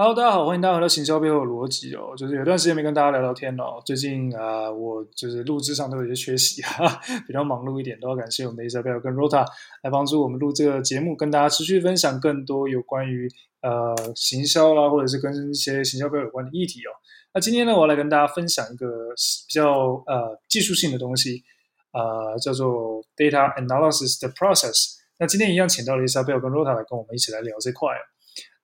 Hello，大家好，歡迎大家回到行銷背後的邏輯哦。就是有段時間沒跟大家聊聊天哦。最近啊、呃，我就是錄製上都有一些缺席啊，比較忙碌一點。都要感謝我們的 Isabel 跟 Rota 來幫助我們錄這個節目，跟大家持續分享更多有關於呃行銷啦，或者是跟一些行銷標有關的議題哦。那今天呢，我要來跟大家分享一個比較呃技術性的東西，呃，叫做 Data Analysis 的 Process。那今天一樣請到了 Isabel 跟 Rota 來跟我們一起來聊這塊。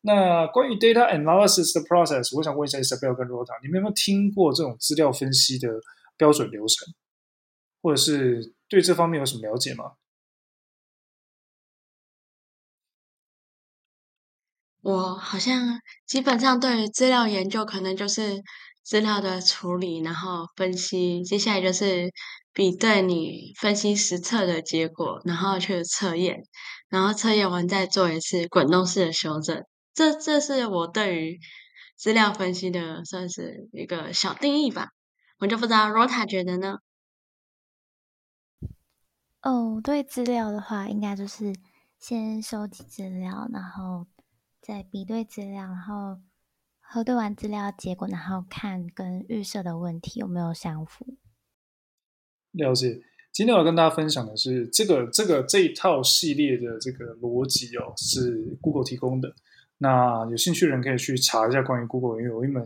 那關於 data analysis 的 process，我想問一下 Isabel 跟 Rota，你們有沒有聽過這種資料分析的標準流程，或者是對這方面有什麼了解嗎？我好像基本上對於資料研究，可能就是資料的處理，然後分析，接下來就是比對你分析實測的結果，然後去測驗，然後測驗完再做一次滾動式的修正。這這是我對於資料分析的算是一個小定義吧，我就不知道 Rota 覺得呢？哦，對，資料的話，應該就是先收集資料，然後再比對資料，然後核對完資料結果，然後看跟預設的問題有沒有相符。了解。今天我要跟大家分享的是這個這個這一套系列的這個邏輯哦，是 Google 提供的。那有興趣的人可以去查一下關於 Google，因為有一門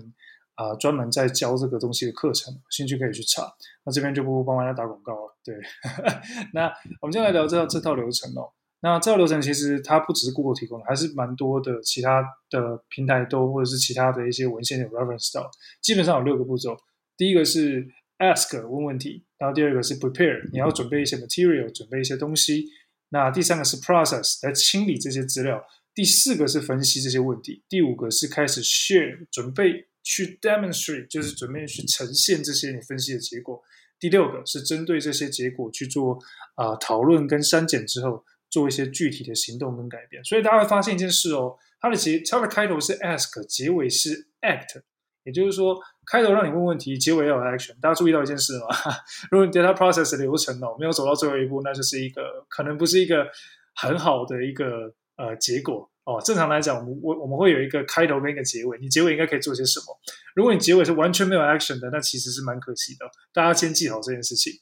啊、呃、專門在教這個東西的課程，有興趣可以去查。那這邊就不，不幫大家打廣告了。對， 那我們接下來聊這套這套流程哦。那這套流程其實它不只是 Google 提供的，還是蠻多的其他的平台都或者是其他的一些文獻的 reference 到。基本上有六個步驟，第一個是 ask 問問題，然後第二個是 prepare 你要準備一些 material 準備一些東西，那第三個是 process 來清理這些資料。第四個是分析這些問題，第五個是開始 share 準備去 demonstrate，就是準備去呈現這些你分析的結果。第六個是針對這些結果去做啊、呃、討論跟刪減之後，做一些具體的行動跟改變。所以大家會發現一件事哦，它的結它的開頭是 ask，結尾是 act，也就是說開頭讓你問問題，結尾要有 action。大家注意到一件事了嗎？如果你 data process 的流程哦，沒有走到最後一步，那就是一個可能不是一個很好的一個。呃，結果哦，正常來講我，我們我我們會有一個開頭跟一個結尾，你結尾應該可以做些什麼？如果你結尾是完全沒有 action 的，那其實是蠻可惜的。大家先記好這件事情。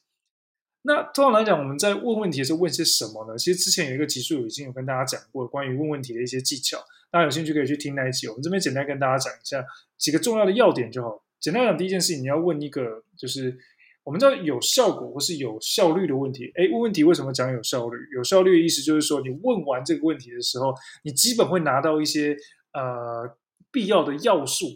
那通常來講，我們在問問題的時候問些什麼呢？其實之前有一個集數已經有跟大家講過關於問問題的一些技巧，大家有興趣可以去聽那一集。我們這邊簡單跟大家講一下幾個重要的要點就好。簡單講，第一件事情你要問一個就是。我們知道有效果或是有效率的問題誒，問問題為什麼講有效率？有效率的意思就是說，你問完這個問題的時候，你基本會拿到一些呃必要的要素。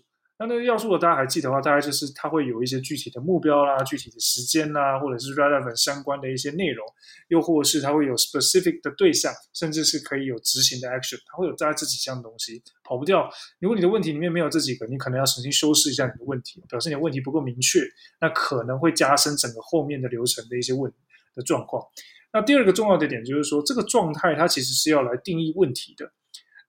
那那個要素的大家還記得的話，大概就是它會有一些具體的目標啦，啊、具體的時間啦、啊，或者是 relevant 相關的一些內容，又或者是它會有 specific 的對象，甚至是可以有執行的 action。它會有大概這幾項東西，跑不掉。如果你的問題裡面沒有這幾個，你可能要重新修飾一下你的問題，表示你的問題不夠明確，那可能會加深整個後面的流程的一些問題的狀況。那第二個重要的點就是說，這個狀態它其實是要來定義問題的。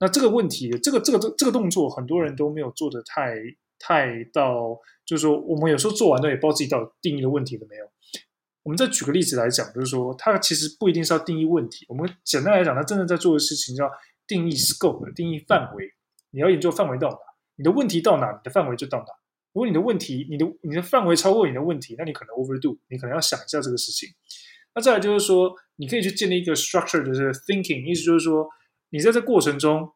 那這個問題，這個這個這這個動作，很多人都沒有做的太太到，就是說，我們有時候做完了也不知道自己到底定義的問題了沒有。我們再舉個例子來講，就是說，它其實不一定是要定義問題。我們簡單來講，它真的在做的事情叫定義 scope，定義範圍。你要研究範圍到哪，你的問題到哪，你的範圍就到哪。如果你的問題，你的你的範圍超過你的問題，那你可能 overdo，你可能要想一下這個事情。那再來就是說，你可以去建立一個 structure 就是 thinking，意思就是說。你在這過程中，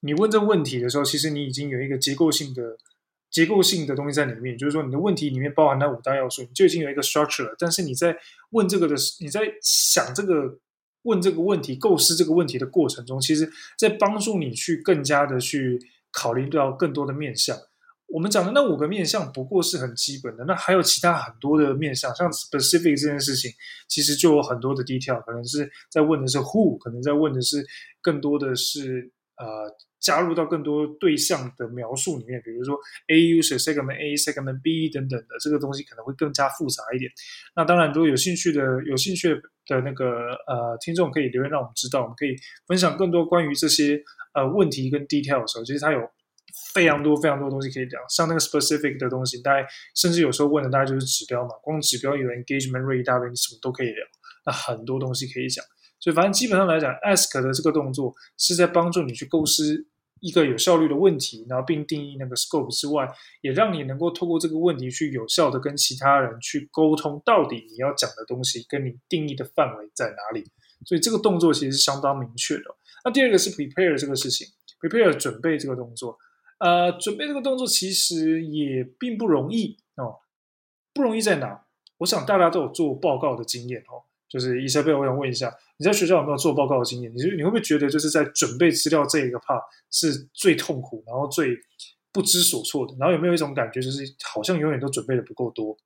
你問這個問題的時候，其實你已經有一個結構性的、結構性的東西在裡面。就是說，你的問題裡面包含那五大要素，你就已經有一個 structure 了。但是你在問這個的，你在想這個問這個問題、構思這個問題的過程中，其實，在幫助你去更加的去考慮到更多的面向。我們講的那五個面向，不過是很基本的。那還有其他很多的面向，像 specific 這件事情，其實就有很多的 detail。可能是在問的是 who，可能在問的是，更多的是呃加入到更多對象的描述裡面。比如說 A user segment A segment B 等等的，這個東西可能會更加複雜一點。那當然，如果有興趣的、有興趣的那個呃聽眾，可以留言讓我們知道，我們可以分享更多關於這些呃問題跟 detail 的時候，其實它有。非常多非常多的東西可以聊，像那個 specific 的東西，大家甚至有時候問的大家就是指標嘛，光指標有 engagement rate 大概你什麼都可以聊，那很多東西可以講，所以反正基本上來講，ask 的這個動作是在幫助你去構思一個有效率的問題，然後並定義那個 scope 之外，也讓你能夠透過這個問題去有效的跟其他人去溝通，到底你要講的東西跟你定義的範圍在哪裡，所以這個動作其實是相當明確的。那第二個是 prepare 這個事情，prepare 準備這個動作。呃，準備這個動作其實也並不容易哦。不容易在哪？我想大家都有做報告的經驗哦。就是伊莎貝，我想問，問一下，你在學校有沒有做報告的經驗？你就你會不會覺得就是在準備資料這一個 part 是最痛苦，然後最不知所措的？然後有沒有一種感覺，就是好像永遠都準備的不夠多？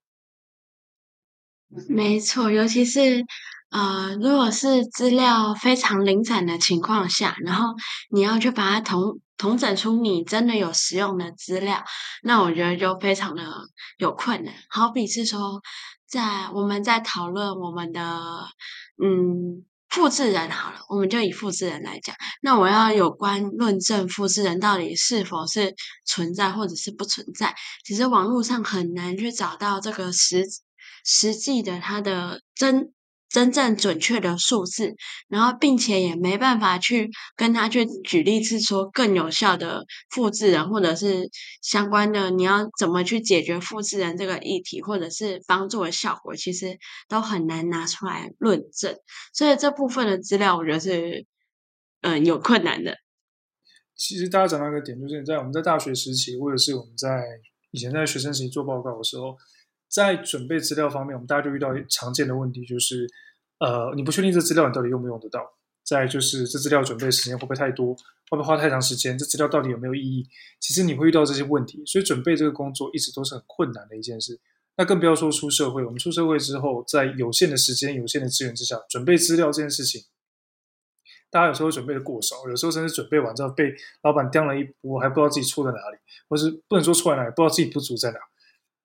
沒錯，尤其是呃，如果是資料非常零散的情況下，然後你要去把它同。統整出你真的有實用的資料，那我覺得就非常的有困難。好比是說，在我們在討論我們的嗯複製人好了，我們就以複製人來講，那我要有關論證複製人到底是否是存在或者是不存在，其實網絡上很難去找到這個實實際的它的真。真正準確的數字，然後並且也沒辦法去跟他去舉例，是說更有效的複製人，或者是相關的，你要怎麼去解決複製人這個議題，或者是幫助的效果，其實都很難拿出來論證。所以這部分的資料，我覺得是嗯、呃、有困難的。其實大家講到一個點，就是在我們在大學時期，或者是我們在以前在學生時期做報告的時候，在準備資料方面，我們大家就遇到常見的問題，就是。呃，你不確定這資料你到底用不用得到？再就是這資料準備時間會不會太多，會不會花太長時間？這資料到底有沒有意義？其實你會遇到這些問題，所以準備這個工作一直都是很困難的一件事。那更不要說出社會，我們出社會之後，在有限的時間、有限的資源之下，準備資料這件事情，大家有時候準備的過少，有時候甚至準備完之後被老闆釘了一波，還不知道自己錯在哪裡，或是不能說錯在哪裡，不知道自己不足在哪。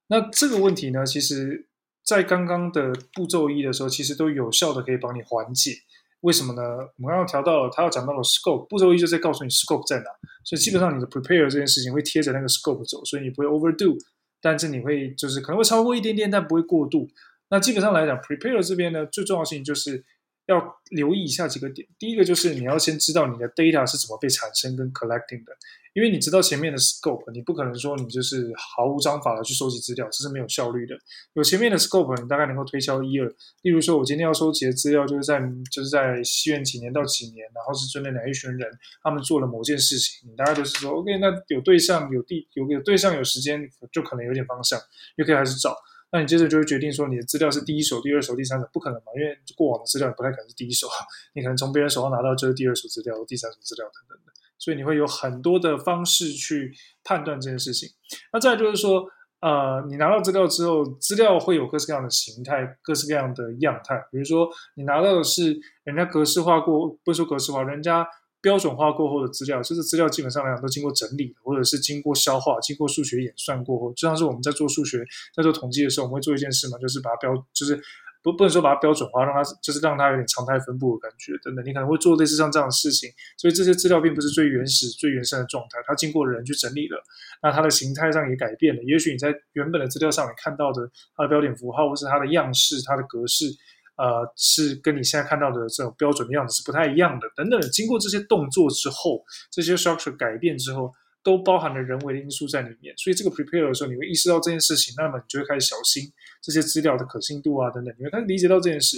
那這個問題呢，其實。在剛剛的步驟一的時候，其實都有效的可以幫你緩解。為什麼呢？我們剛剛調到了，他要講到了 scope，步驟一就是在告訴你 scope 在哪，所以基本上你的 prepare 這件事情會貼着那個 scope 走，所以你不會 overdo，但是你會就是可能會超過一點點，但不會過度。那基本上來講，prepare 這邊呢，最重要的事情就是。要留意以下幾個點，第一個就是你要先知道你的 data 是怎麼被產生跟 collecting 的，因為你知道前面的 scope，你不可能說你就是毫無章法的去收集資料，這是沒有效率的。有前面的 scope，你大概能夠推敲一二。例如說，我今天要收集的資料就是在就是在西元幾年到幾年，然後是針對哪一群人，他們做了某件事情，你大概就是說，OK，那有對象、有地、有有對象、有時間，就可能有點方向，你可以開始找。那你接着就會決定說你的資料是第一手、第二手、第三手，不可能嘛？因為過往的資料也不太可能是第一手，你可能從別人手上拿到就是第二手資料、第三手資料等等的，所以你會有很多的方式去判斷這件事情。那再就是說，呃，你拿到資料之後，資料會有各式各樣的形態、各式各樣的樣態，比如說你拿到的是人家格式化過，不說格式化，人家。標準化過後的資料，就是資料基本上來講都經過整理，或者是經過消化、經過數學演算，過後就像是我們在做數學、在做統計的時候，我們會做一件事嘛，就是把它標，就是不不能說把它標準化，讓它就是讓它有點常態分布的感覺等等。你可能會做類似像這樣的事情，所以這些資料並不是最原始、最原生的狀態，它經過的人去整理了，那它的形態上也改變了。也許你在原本的資料上你看到的它的標點符號，或是它的樣式、它的格式，呃，是跟你現在看到的這種標準的樣子是不太一樣的，等等。經過這些動作之後，這些 structure 改變之後，都包含了人為的因素在裡面。所以這個 prepare 的時候，你會意識到這件事情，那麼你就會開始小心這些資料的可信度啊，等等，你會開始理解到這件事。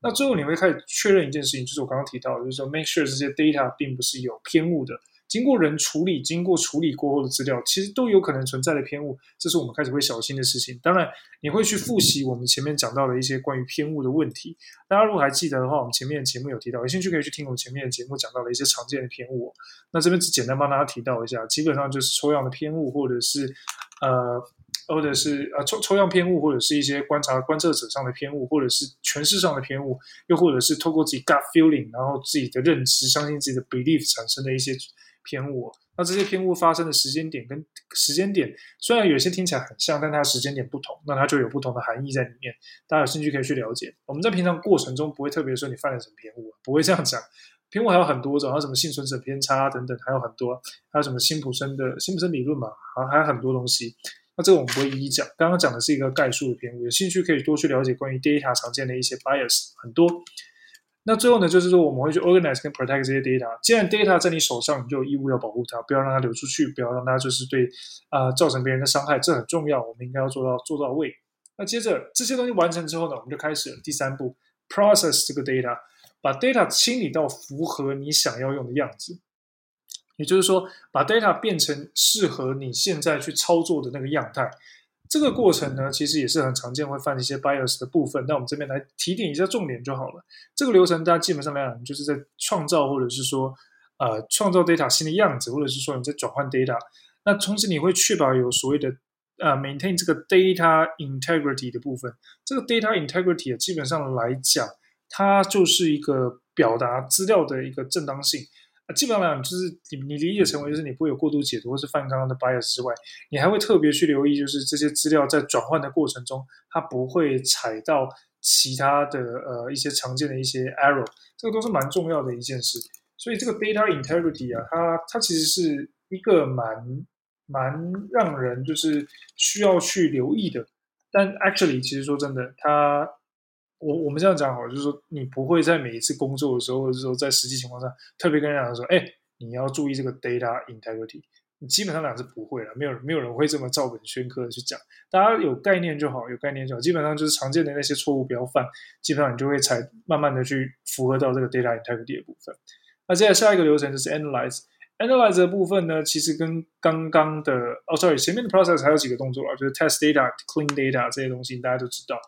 那最後你會開始確認一件事情，就是我剛剛提到的，就是說 make sure 這些 data 並不是有偏誤的。經過人處理，經過處理過後的資料，其實都有可能存在的偏誤，這是我們開始會小心的事情。當然，你會去復習我們前面講到的一些關於偏誤的問題。大家如果還記得的話，我們前面的節目有提到，有興趣可以去聽我們前面的節目講到的一些常見的偏誤哦。那這邊只簡單幫大家提到一下，基本上就是抽樣的偏誤，或者是呃，或者是呃抽抽樣偏誤，或者是一些觀察觀測者上的偏誤，或者是詮釋上的偏誤，又或者是透過自己 gut feeling，然後自己的認知，相信自己的 belief 產生的一些。偏誤，啊，那這些偏誤發生的時間點跟時間點雖然有些聽起來很像，但它的時間點不同，那它就有不同的含義在裡面。大家有興趣可以去了解。我們在平常過程中不會特別說你犯了什麼偏誤，啊，不會這樣講。偏誤還有很多種，還有什麼幸存者偏差等等，還有很多，還有什麼辛普森的辛普森理論嘛，還還有很多東西。那這個我們不會一一講。剛剛講的是一個概述的偏誤，有興趣可以多去了解關於 data 常見的一些 bias，很多。那最後呢，就是說我們會去 organize 跟 protect 這些 data。既然 data 在你手上，你就有義務要保護它，不要讓它流出去，不要讓它就是對，啊、呃，造成別人的傷害，這很重要，我們應該要做到做到位。那接着這些東西完成之後呢，我們就開始第三步，process 這個 data，把 data 清理到符合你想要用的樣子，也就是說，把 data 變成適合你現在去操作的那個樣態。這個過程呢，其實也是很常見，會犯一些 bias 的部分。那我們這邊來提點一下重點就好了。這個流程，大家基本上來講，就是在創造或者是說，呃，創造 data 新的樣子，或者是說你在轉換 data。那同時，你會確保有所謂的，呃，maintain 這個 data integrity 的部分。這個 data integrity 基本上來講，它就是一個表達資料的一個正當性。基本上就是你你理解成為就是你不會有過度解讀或是犯剛剛的 bias 之外，你還會特別去留意就是這些資料在轉換的過程中，它不會踩到其他的呃一些常見的一些 error，這個都是蠻重要的一件事。所以這個 data integrity 啊，它它其實是一個蠻蠻讓人就是需要去留意的。但 actually，其實說真的，它我我們這樣講好了，就是說你不會在每一次工作的時候，或者說在實際情況上，特別跟人講說，哎，你要注意這個 data integrity，你基本上講是不會了、啊，沒有沒有人會這麼照本宣科的去講，大家有概念就好，有概念就好，基本上就是常見的那些錯誤不要犯，基本上你就會才慢慢的去符合到這個 data integrity 的部分。那接下來下一個流程就是 analyze，analyze analyze 的部分呢，其實跟剛剛的哦、oh,，sorry，前面的 process 還有幾個動作啊，就是 test data、clean data 這些東西，大家都知道。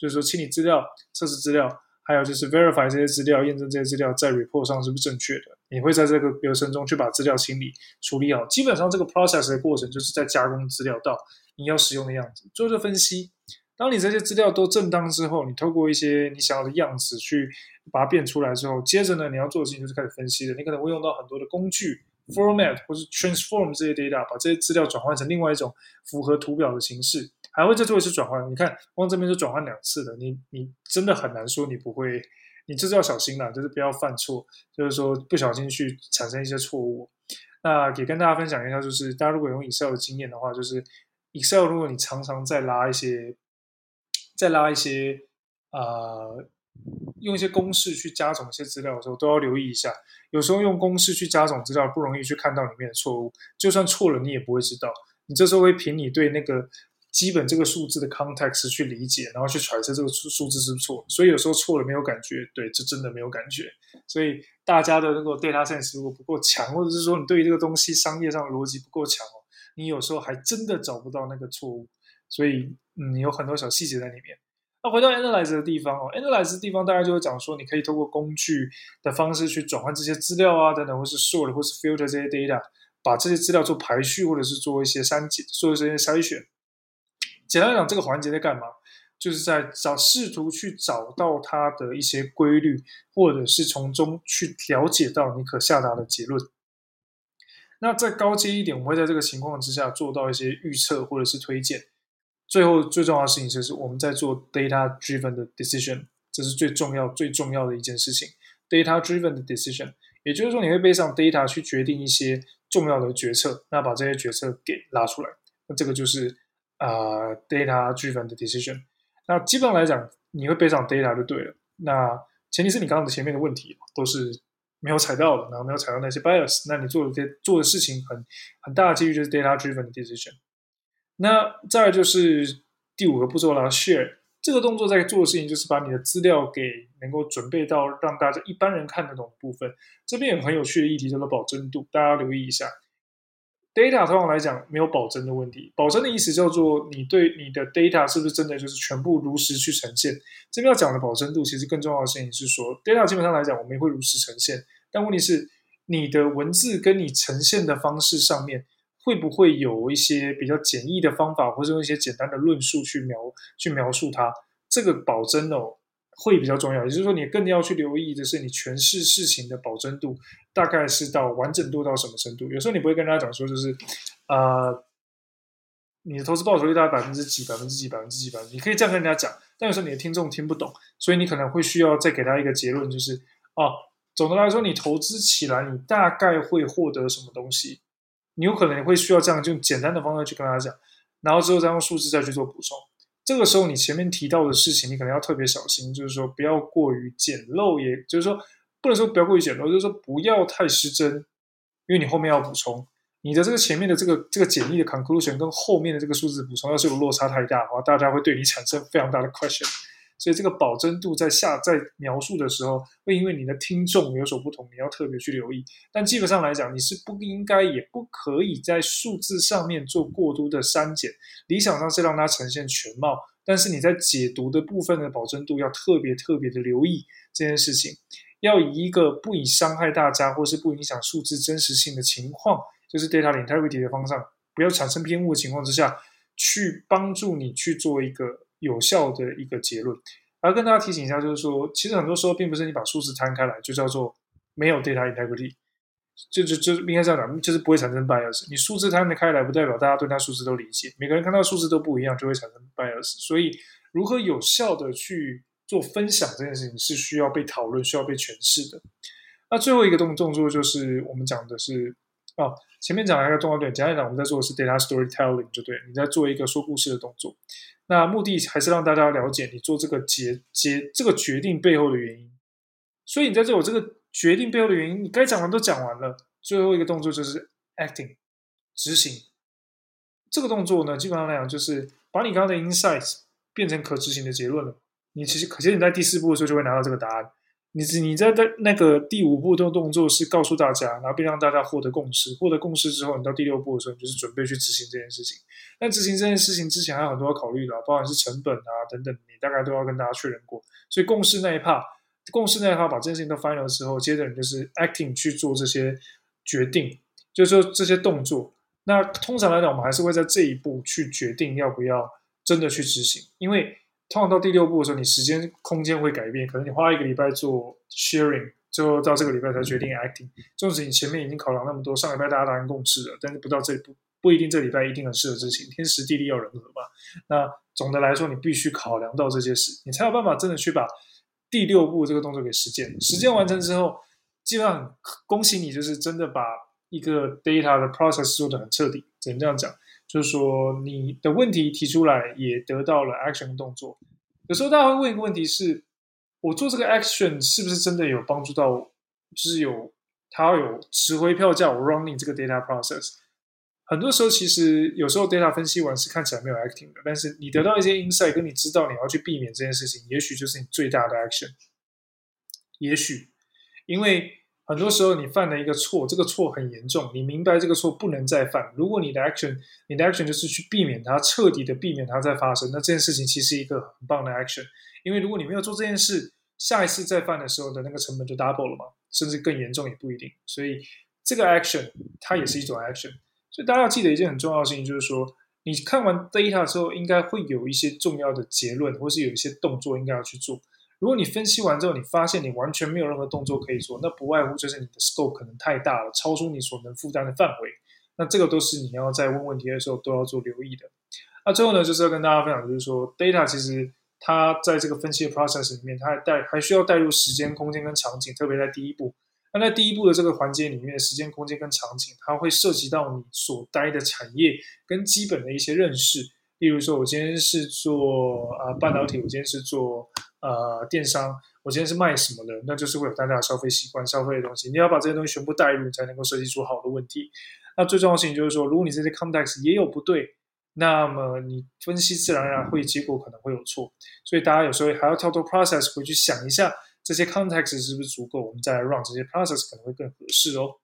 就是說清理資料、測試資料，還有就是 verify 這些資料，驗證這些資料在 report 上是不是正確的。你會在這個流程中去把資料清理、處理好。基本上這個 process 的過程就是在加工資料到你要使用的樣子，做一個分析。當你這些資料都正當之後，你透過一些你想要的樣子去把它變出來之後，接着呢你要做的事情就是開始分析了。你可能會用到很多的工具。format 或是 transform 這些 data，把這些資料轉換成另外一種符合圖表的形式，還會再做一次轉換。你看，光這邊是轉換兩次的，你你真的很難說你不會，你就是要小心啦，就是不要犯錯，就是說不小心去產生一些錯誤。那也跟大家分享一下，就是大家如果用 Excel 的經驗的話，就是 Excel 如果你常常在拉一些，在拉一些呃。用一些公式去加總一些資料的時候，都要留意一下。有時候用公式去加總資料，不容易去看到裡面的錯誤。就算錯了，你也不會知道。你這時候會憑你對那個基本這個數字的 context 去理解，然後去揣測這個數數字是不是錯。所以有時候錯了沒有感覺，對，就真的沒有感覺。所以大家的那個 data sense 如果不夠強，或者是說你對於這個東西商業上的邏輯不夠強哦，你有時候還真的找不到那個錯誤。所以嗯，有很多小細節在裡面。那回到 analyze 的地方哦，analyze 的地方，大家就會講說，你可以透過工具的方式去轉換這些資料啊，等等，或是 sort，或是 filter 這些 data，把這些資料做排序，或者是做一些刪減，做一些篩選。簡單來講，這個環節在幹嘛？就是在找，試圖去找到它的一些規律，或者是從中去了解到你可下達的結論。那再高階一點，我們會在這個情況之下做到一些預測，或者是推薦。最後最重要的事情就是我們在做 data driven 的 decision，這是最重要、最重要的一件事情。data driven 的 decision，也就是說你會背上 data 去決定一些重要的決策，那把這些決策給拉出來，那這個就是啊、呃、data driven 的 decision。那基本上來講，你會背上 data 就對了。那前提是你剛剛的前面的問題都是沒有踩到的，然後沒有踩到那些 bias，那你做的這做的事情很很大的幾率就是 data driven 的 decision。那再來就是第五個步驟啦，share 這個動作在做的事情就是把你的資料給能夠準備到讓大家一般人看的那種的部分。這邊有很有趣的議題叫做保真度，大家留意一下。data 通常來講沒有保真的問題，保真的意思叫做你對你的 data 是不是真的就是全部如實去呈現。這邊要講的保真度其實更重要的事情是說，data 基本上來講我們也會如實呈現，但問題是你的文字跟你呈現的方式上面。會不會有一些比較簡易的方法，或是用一些簡單的論述去描去描述它？這個保真哦會比較重要，也就是說，你更要去留意的是你詮釋事情的保真度，大概是到完整度到什麼程度？有時候你不會跟大家講說就是，呃，你的投資報酬率大概百分之幾、百分之幾、百分之幾、百分之幾，你可以這樣跟人家講，但有時候你的聽眾聽不懂，所以你可能會需要再給他一個結論，就是哦、啊，總的來說，你投資起來你大概會獲得什麼東西？你有可能會需要這樣，就簡單的方式去跟大家講，然後之後再用數字再去做補充。這個時候你前面提到的事情，你可能要特別小心，就是說不要過於簡陋也，也就是說不能說不要過於簡陋，就是說不要太失真，因為你後面要補充你的這個前面的這個這個簡易的 conclusion，跟後面的這個數字補充要是有落差太大的話，大家會對你產生非常大的 question。所以這個保真度在下在描述的時候，會因為你的聽眾有所不同，你要特別去留意。但基本上來講，你是不應該也不可以在數字上面做過多的刪減。理想上是讓它呈現全貌，但是你在解讀的部分的保真度要特別特別的留意這件事情。要以一個不以傷害大家或是不影響數字真實性的情況，就是 data integrity 的方向，不要產生偏誤的情況之下去幫助你去做一個。有效的一個結論，而跟大家提醒一下，就是說，其實很多時候並不是你把數字攤開來就叫做沒有 data integrity，就就就是應該這樣講，就是不會產生 bias。你數字攤得開來，不代表大家對它數字都理解，每個人看到數字都不一樣，就會產生 bias。所以，如何有效的去做分享這件事情，是需要被討論、需要被詮釋的。那最後一個動動作就是，我們講的是。哦，前面講了一個重要點，講一講，我們在做的是 data storytelling，就對你在做一個說故事的動作。那目的還是讓大家了解你做這個決結，這個決定背後的原因。所以你在這有這個決定背後的原因，你該講完都講完了。最後一個動作就是 acting，執行。這個動作呢，基本上來講就是把你剛剛的 insights 變成可執行的結論了。你其實，其實你在第四步的時候就會拿到這個答案。你你在的那個第五步的動作是告訴大家，然後並讓大家獲得共識。獲得共識之後，你到第六步的時候，你就是準備去執行這件事情。但執行這件事情之前，還有很多要考慮的，不管是成本啊等等，你大概都要跟大家確認過。所以共識那一 part，共識那一 part 把這件事情都翻了之後，接着你就是 acting 去做這些決定，就是說這些動作。那通常來講，我們還是會在這一步去決定要不要真的去執行，因為。通常到第六步的時候，你時間空間會改變，可能你花一個禮拜做 sharing，最後到這個禮拜才決定 acting。縱使你前面已經考量那麼多，上禮拜大家達成共識了，但是不到這不不一定這禮拜一定很適合執行，天時地利要人和嘛。那總的來說，你必須考量到這些事，你才有辦法真的去把第六步這個動作給實踐。實踐完成之後，基本上恭喜你，就是真的把一個 data 的 process 做得很徹底。只能這樣講。就是說，你的問題提出來也得到了 action 的動作。有時候大家會問一個問題是：我做這個 action 是不是真的有幫助到？就是有，它有值回票價我 running 這個 data process。很多時候其實有時候 data 分析完是看起來沒有 acting 的，但是你得到一些 insight，跟你知道你要去避免這件事情，也許就是你最大的 action。也許因為。很多時候，你犯了一個錯，這個錯很嚴重。你明白這個錯不能再犯。如果你的 action，你的 action 就是去避免它，徹底的避免它再發生，那這件事情其實一個很棒的 action。因為如果你沒有做這件事，下一次再犯的時候的那個成本就 double 了嘛，甚至更嚴重也不一定。所以這個 action 它也是一種 action。所以大家要記得一件很重要的事情，就是說，你看完 data 之後，應該會有一些重要的結論，或是有一些動作應該要去做。如果你分析完之後，你發現你完全沒有任何動作可以做，那不外乎就是你的 scope 可能太大了，超出你所能負擔的範圍。那這個都是你要在問問題的時候都要做留意的。那最後呢，就是要跟大家分享，就是說 data 其實它在這個分析的 process 裡面，它還帶還需要帶入時間、空間跟場景，特別在第一步。那在第一步的這個環節裡面，時間、空間跟場景，它會涉及到你所待的產業跟基本的一些認識。例如說，我今天是做啊、呃、半導體，我今天是做啊、呃、電商，我今天是賣什麼的？那就是會有大家的消費習慣、消費的東西。你要把這些東西全部帶入，你才能夠設計出好的問題。那最重要的事情就是說，如果你這些 context 也有不對，那麼你分析自然而然會結果可能會有錯。所以大家有時候還要跳脫 process 回去想一下，這些 context 是不是足夠？我們再來 run 這些 process 可能會更合適哦。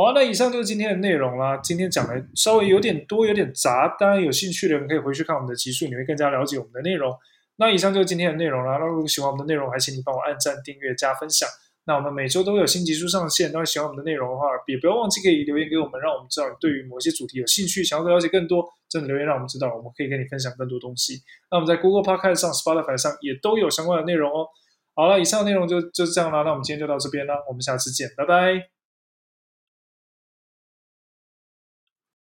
好啊，那以上就是今天的內容了。今天講的稍微有點多，有點雜。當然，有興趣的人可以回去看我們的集數，你會更加了解我們的內容。那以上就是今天的內容了。那如果喜歡我們的內容，還請你幫我按讚、訂閱、加分享。那我們每周都有新集數上線。當然，喜歡我們的內容的話，也不要忘記可以留言給我們，讓我們知道你對於某些主題有興趣，想要了解更多，真的留言讓我們知道，我們可以跟你分享更多東西。那我們在 Google Podcast 上、Spotify 上也都有相關的內容哦。好了，以上的內容就就這樣了。那我們今天就到這邊了，我們下次見，拜拜。